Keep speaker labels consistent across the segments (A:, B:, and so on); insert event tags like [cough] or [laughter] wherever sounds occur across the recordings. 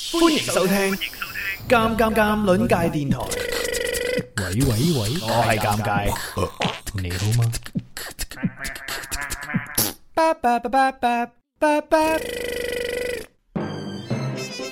A: 歡迎收聽尷尷尷鄰界電台。喂喂喂，我係尷尬，你好嗎？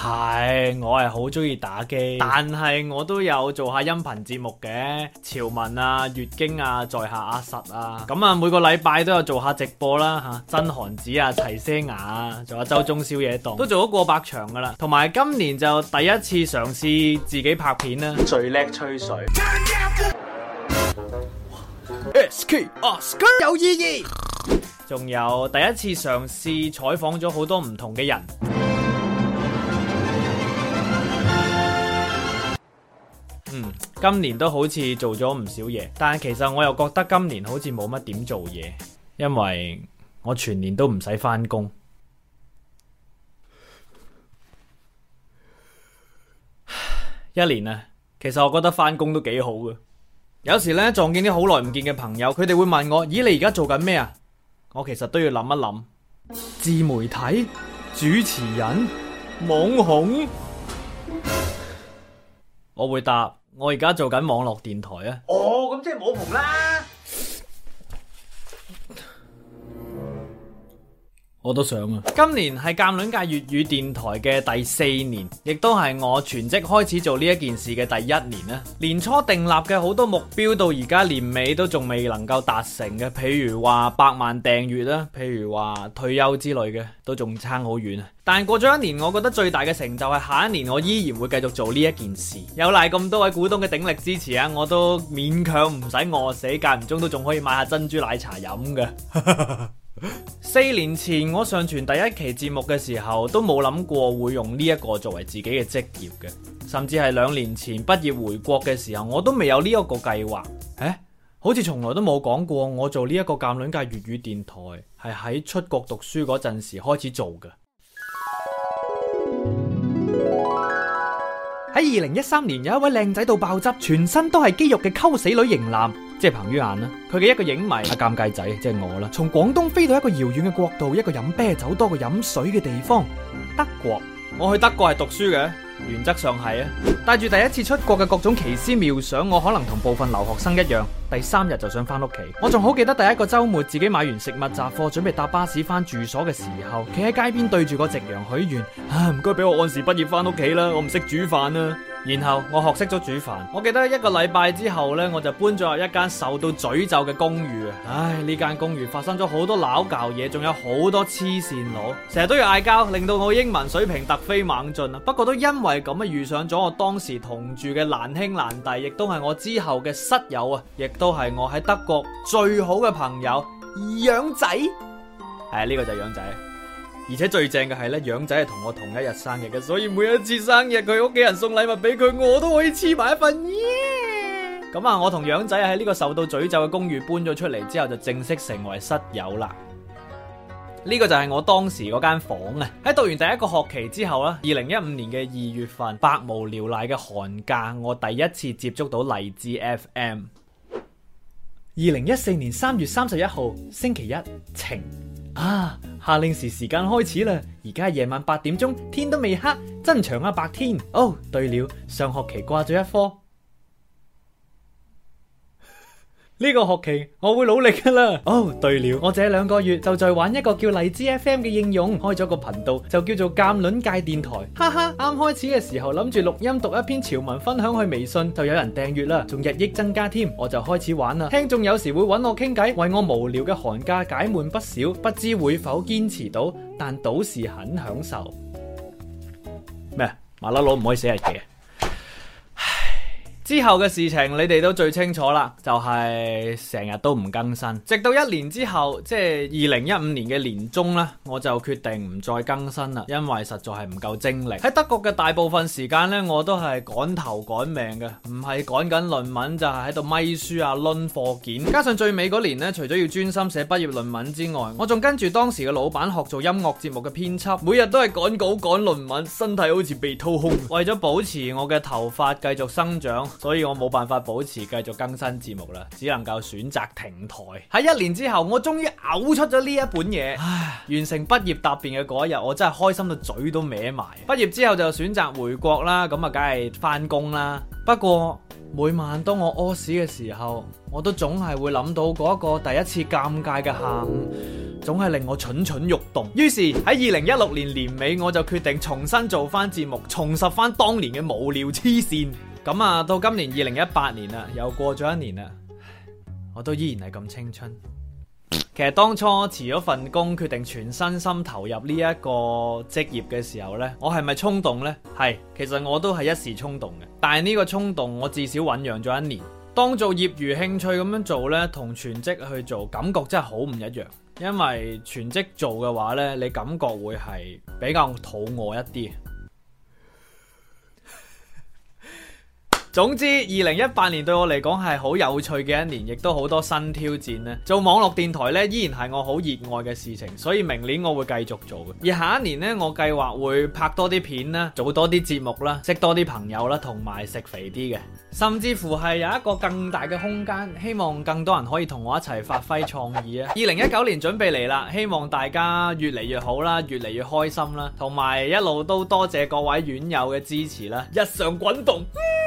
A: 係，我係好中意打機，但係我都有做下音頻節目嘅，潮文啊、月經啊、在下阿實啊，咁啊每個禮拜都有做下直播啦吓、啊，真韓子啊、齊聲雅啊，仲有周中宵夜檔，都做咗過百場噶啦，同埋今年就第一次嘗試自己拍片啦，最叻吹水，S K O、啊、S K 有意義，仲有第一次嘗試採訪咗好多唔同嘅人。今年都好似做咗唔少嘢，但係其實我又覺得今年好似冇乜點做嘢，因為我全年都唔使翻工。一年啊，其實我覺得翻工都幾好噶。有時呢，撞見啲好耐唔見嘅朋友，佢哋會問我：咦，你而家做緊咩啊？我其實都要諗一諗。自媒體、主持人、網紅。我會答，我而家做緊網絡電台啊！哦，咁即係冇棚啦。我都想啊！今年係鑑論界粵語電台嘅第四年，亦都係我全職開始做呢一件事嘅第一年啦。年初訂立嘅好多目標到，到而家年尾都仲未能夠達成嘅，譬如話百萬訂閱啦，譬如話退休之類嘅，都仲差好遠啊！但係過咗一年，我覺得最大嘅成就係下一年我依然會繼續做呢一件事。有賴咁多位股東嘅鼎力支持啊，我都勉強唔使餓死，間唔中都仲可以買下珍珠奶茶飲嘅。四年前我上傳第一期節目嘅時候，都冇諗過會用呢一個作為自己嘅職業嘅，甚至係兩年前畢業回國嘅時候，我都未有呢一個計劃。欸，好似從來都冇講過我做呢一個監論界粵語電台，係喺出國讀書嗰陣時開始做嘅。喺二零一三年，有一位靚仔到爆汁，全身都係肌肉嘅溝死女型男。即係彭于晏啦，佢嘅一個影迷，阿、啊、尷尬仔，即係我啦。從廣東飛到一個遙遠嘅國度，一個飲啤酒多過飲水嘅地方——德國。我去德國係讀書嘅，原則上係啊。帶住第一次出國嘅各種奇思妙想，我可能同部分留學生一樣，第三日就想翻屋企。我仲好記得第一個周末，自己買完食物雜貨，準備搭巴士翻住所嘅時候，企喺街邊對住個夕陽許願：啊，唔該俾我按時畢業翻屋企啦，我唔識煮飯啊。然後我學識咗煮飯，我記得一個禮拜之後呢，我就搬咗入一間受到詛咒嘅公寓，唉，呢間公寓發生咗好多鬧交嘢，仲有好多黐線佬，成日都要嗌交，令到我英文水平突飛猛進啊！不過都因為咁啊，遇上咗我當時同住嘅難兄難弟，亦都係我之後嘅室友啊，亦都係我喺德國最好嘅朋友，養仔，係啊，呢個就係養仔。而且最正嘅係呢，養仔係同我同一日生日嘅，所以每一次生日佢屋企人送禮物俾佢，我都可以黐埋一份耶。咁、yeah! 啊，我同養仔喺呢個受到詛咒嘅公寓搬咗出嚟之後，就正式成為室友啦。呢、這個就係我當時嗰間房啊。喺讀完第一個學期之後啦，二零一五年嘅二月份，百無聊賴嘅寒假，我第一次接觸到荔枝 FM。二零一四年三月三十一號，星期一，晴。啊，夏令時時間開始啦，而家夜晚八點鐘，天都未黑，真長啊白天。哦，對了，上學期掛咗一科。呢個學期我會努力噶啦。哦、oh，對了，我這兩個月就在玩一個叫荔枝 FM 嘅應用，開咗個頻道，就叫做鑑論界電台。哈哈，啱 [laughs] 開始嘅時候諗住錄音讀一篇潮文，分享去微信就有人訂閱啦，仲日益增加添。我就開始玩啦。聽眾有時會揾我傾偈，為我無聊嘅寒假解悶不少。不知會否堅持到？但倒是很享受。咩？麻騮佬唔可以寫日記。之後嘅事情你哋都最清楚啦，就係成日都唔更新，直到一年之後，即係二零一五年嘅年中呢，我就決定唔再更新啦，因為實在係唔夠精力。喺德國嘅大部分時間呢，我都係趕頭趕命嘅，唔係趕緊論文就係喺度咪書啊，論課件。加上最尾嗰年呢，除咗要專心寫畢業論文之外，我仲跟住當時嘅老闆學做音樂節目嘅編輯，每日都係趕稿趕論文，身體好似被掏空。為咗保持我嘅頭髮繼續生長。所以我冇辦法保持繼續更新節目啦，只能夠選擇停台。喺一年之後，我終於嘔出咗呢一本嘢，唉，完成畢業答辯嘅嗰一日，我真係開心到嘴都歪埋。畢業之後就選擇回國啦，咁啊，梗係翻工啦。不過每晚當我屙屎嘅時候，我都總係會諗到嗰一個第一次尷尬嘅下午，總係令我蠢蠢欲動。於是喺二零一六年年尾，我就決定重新做翻節目，重拾翻當年嘅無聊黐線。咁啊，到今年二零一八年啦，又過咗一年啦，我都依然係咁青春。其實當初我辭咗份工，決定全身心投入呢一個職業嘅時候呢，我係咪衝動呢？係，其實我都係一時衝動嘅。但係呢個衝動，我至少醞釀咗一年。當做業餘興趣咁樣做呢，同全職去做，感覺真係好唔一樣。因為全職做嘅話呢，你感覺會係比較肚餓一啲。總之，二零一八年對我嚟講係好有趣嘅一年，亦都好多新挑戰咧。做網絡電台呢，依然係我好熱愛嘅事情，所以明年我會繼續做。而下一年呢，我計劃會拍多啲片啦，做多啲節目啦，識多啲朋友啦，同埋食肥啲嘅，甚至乎係有一個更大嘅空間，希望更多人可以同我一齊發揮創意啊！二零一九年準備嚟啦，希望大家越嚟越好啦，越嚟越開心啦，同埋一路都多謝各位院友嘅支持啦！日常滾動。